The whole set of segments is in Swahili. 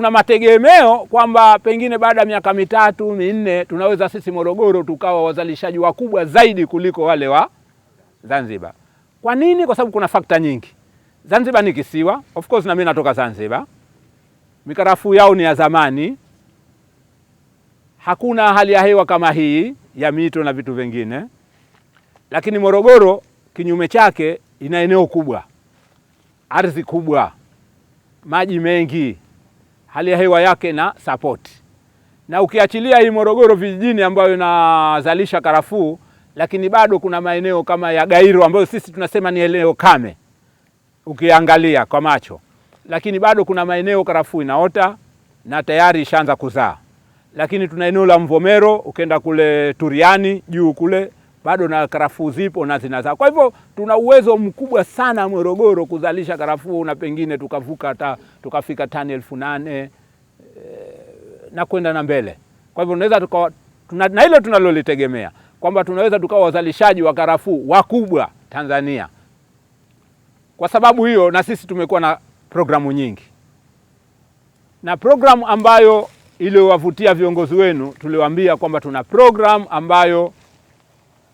tuna mategemeo kwamba pengine baada ya miaka mitatu minne tunaweza sisi Morogoro tukawa wazalishaji wakubwa zaidi kuliko wale wa Zanzibar. Kwa nini? Kwa sababu kuna fakta nyingi. Zanzibar ni kisiwa, of course na mimi natoka Zanzibar. Mikarafuu yao ni ya zamani, hakuna hali ya hewa kama hii ya mito na vitu vingine, lakini Morogoro kinyume chake ina eneo kubwa, ardhi kubwa, maji mengi hali ya hewa yake na sapoti, na ukiachilia hii Morogoro vijijini ambayo inazalisha karafuu, lakini bado kuna maeneo kama ya Gairo ambayo sisi tunasema ni eneo kame ukiangalia kwa macho, lakini bado kuna maeneo karafuu inaota na tayari ishaanza kuzaa. Lakini tuna eneo la Mvomero, ukenda kule Turiani juu kule bado na karafuu zipo na zinazaa. Kwa hivyo tuna uwezo mkubwa sana Morogoro kuzalisha karafuu na pengine tukavuka hata tukafika tani elfu nane eh, na kwenda na mbele. Kwa hivyo tunaweza tukawa tuna, na hilo tunalolitegemea kwamba tunaweza tukawa wazalishaji wa karafuu wakubwa Tanzania. Kwa sababu hiyo, na sisi tumekuwa na programu nyingi na programu ambayo iliyowavutia viongozi wenu, tuliwaambia kwamba tuna programu ambayo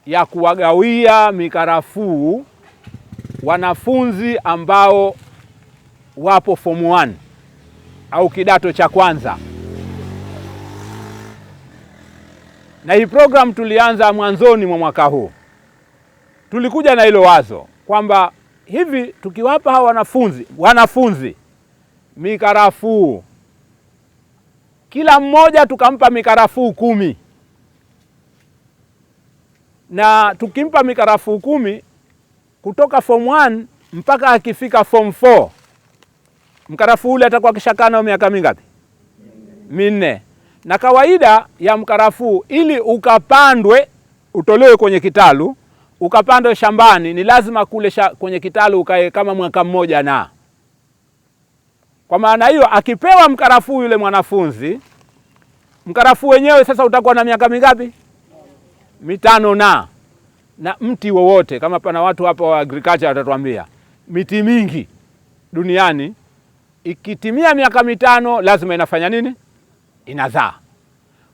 ya kuwagawia mikarafuu wanafunzi ambao wapo form 1 au kidato cha kwanza, na hii programu tulianza mwanzoni mwa mwaka huu. Tulikuja na hilo wazo kwamba hivi tukiwapa hawa wanafunzi wanafunzi mikarafuu, kila mmoja tukampa mikarafuu kumi na tukimpa mikarafuu kumi kutoka form 1 mpaka akifika form 4 mkarafuu ule atakuwa kishakaa nao miaka mingapi? Minne. Na kawaida ya mkarafuu ili ukapandwe utolewe kwenye kitalu ukapandwe shambani ni lazima kule sha, kwenye kitalu ukae kama mwaka mmoja. Na kwa maana hiyo akipewa mkarafuu yule mwanafunzi, mkarafuu wenyewe sasa utakuwa na miaka mingapi? mitano na na mti wowote, kama pana watu hapa wa agriculture watatuambia miti mingi duniani ikitimia miaka mitano lazima inafanya nini? Inazaa.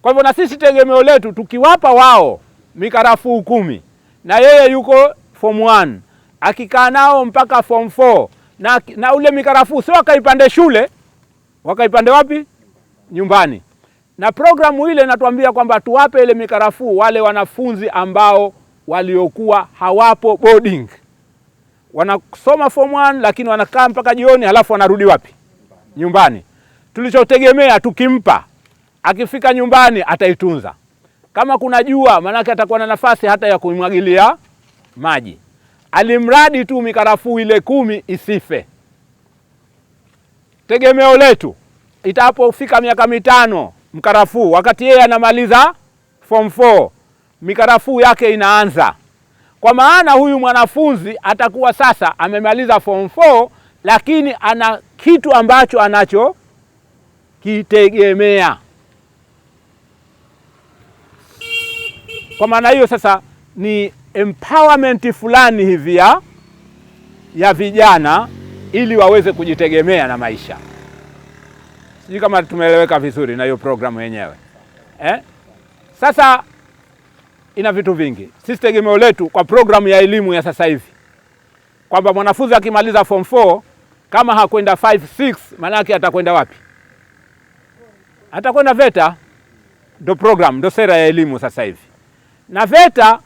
Kwa hivyo na sisi tegemeo letu tukiwapa wao mikarafuu kumi na yeye yuko form 1 akikaa nao mpaka form 4 na, na ule mikarafuu sio wakaipande shule, wakaipande wapi? Nyumbani na programu ile inatuambia kwamba tuwape ile mikarafuu wale wanafunzi ambao waliokuwa hawapo boarding, wanasoma form 1 lakini wanakaa mpaka jioni, halafu wanarudi wapi? Nyumbani. Tulichotegemea tukimpa akifika nyumbani ataitunza, kama kuna jua, maanake atakuwa na nafasi hata ya kumwagilia maji, alimradi tu mikarafuu ile kumi isife. Tegemeo letu itapofika miaka mitano mkarafuu, wakati yeye anamaliza form 4 mikarafuu yake inaanza. Kwa maana huyu mwanafunzi atakuwa sasa amemaliza form 4 lakini ana kitu ambacho anachokitegemea. Kwa maana hiyo sasa ni empowerment fulani hivi ya vijana ili waweze kujitegemea na maisha. Sijui kama tumeeleweka vizuri na hiyo programu yenyewe eh? Sasa ina vitu vingi. Sisi tegemeo letu kwa programu ya elimu ya sasa hivi kwamba mwanafunzi akimaliza form 4 kama hakwenda 5 6 maana yake atakwenda wapi? Atakwenda VETA. Ndo programu ndo sera ya elimu sasa hivi, na VETA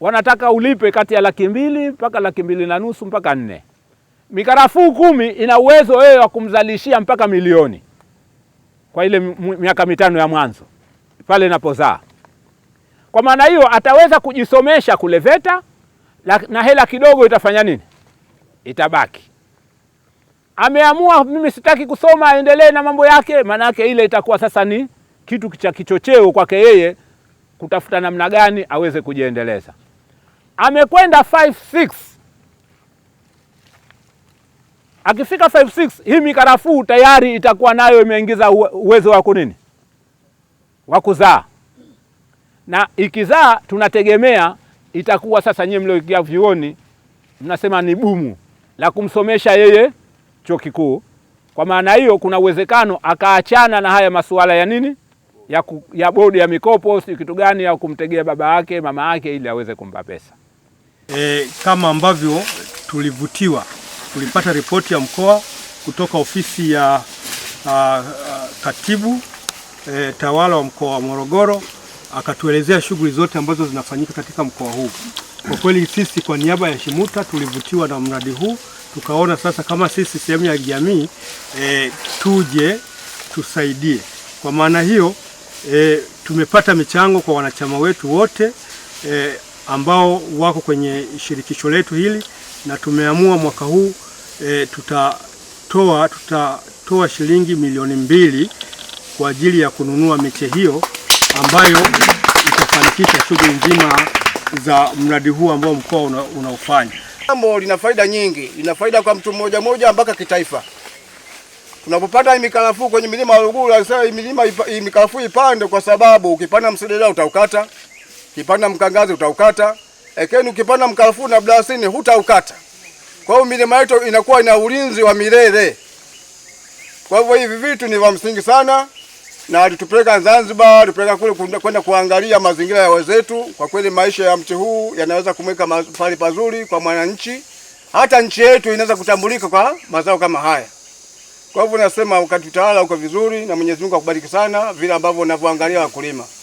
wanataka ulipe kati ya laki mbili mpaka laki mbili na nusu mpaka nne. Mikarafuu kumi ina uwezo wewe wa kumzalishia mpaka milioni kwa ile miaka mitano ya mwanzo pale inapozaa. Kwa maana hiyo ataweza kujisomesha kule VETA na hela kidogo itafanya nini? Itabaki. Ameamua mimi sitaki kusoma, aendelee na mambo yake, maana yake ile itakuwa sasa ni kitu cha kichocheo kwake yeye kutafuta namna gani aweze kujiendeleza. Amekwenda akifika 56 hii mikarafuu tayari itakuwa nayo imeingiza uwezo wa kunini wa kuzaa, na ikizaa tunategemea itakuwa sasa, nyie mlioingia vyuoni mnasema ni bumu la kumsomesha yeye chuo kikuu. Kwa maana hiyo, kuna uwezekano akaachana na haya masuala ya nini ya, ku, ya bodi ya mikopo si kitu gani ya kumtegea baba yake mama yake ili aweze kumpa pesa e, kama ambavyo tulivutiwa tulipata ripoti ya mkoa kutoka ofisi ya uh, katibu e, tawala wa mkoa wa Morogoro akatuelezea shughuli zote ambazo zinafanyika katika mkoa huu. Kwa kweli sisi kwa niaba ya SHIMUTA tulivutiwa na mradi huu, tukaona sasa kama sisi sehemu ya jamii e, tuje tusaidie. Kwa maana hiyo e, tumepata michango kwa wanachama wetu wote e, ambao wako kwenye shirikisho letu hili na tumeamua mwaka huu e, tutatoa tutatoa shilingi milioni mbili kwa ajili ya kununua miche hiyo ambayo itafanikisha shughuli nzima za mradi huu ambao mkoa una, unaofanya. Jambo lina faida nyingi, lina faida kwa mtu mmoja mmoja mpaka kitaifa. Tunapopanda mikarafuu kwenye milima ya Ruguru, sasa milima mikarafuu ipande, kwa sababu ukipanda mselela utaukata, ukipanda mkangazi utaukata Ekeni ukipanda mkarafuu na mdalasini hutaukata. Kwa hiyo milima yetu inakuwa ina ulinzi wa milele. Kwa hivyo hivi vitu ni vya msingi sana, na alitupeleka Zanzibar, alitupeleka kule kwenda kuangalia mazingira ya wenzetu. Kwa kweli maisha ya mti huu yanaweza kumweka mahali pazuri kwa mwananchi, hata nchi yetu inaweza kutambulika kwa mazao kama haya. Kwa hivyo nasema ukatutawala uko vizuri, na Mwenyezi Mungu akubariki sana vile ambavyo unavyoangalia wakulima.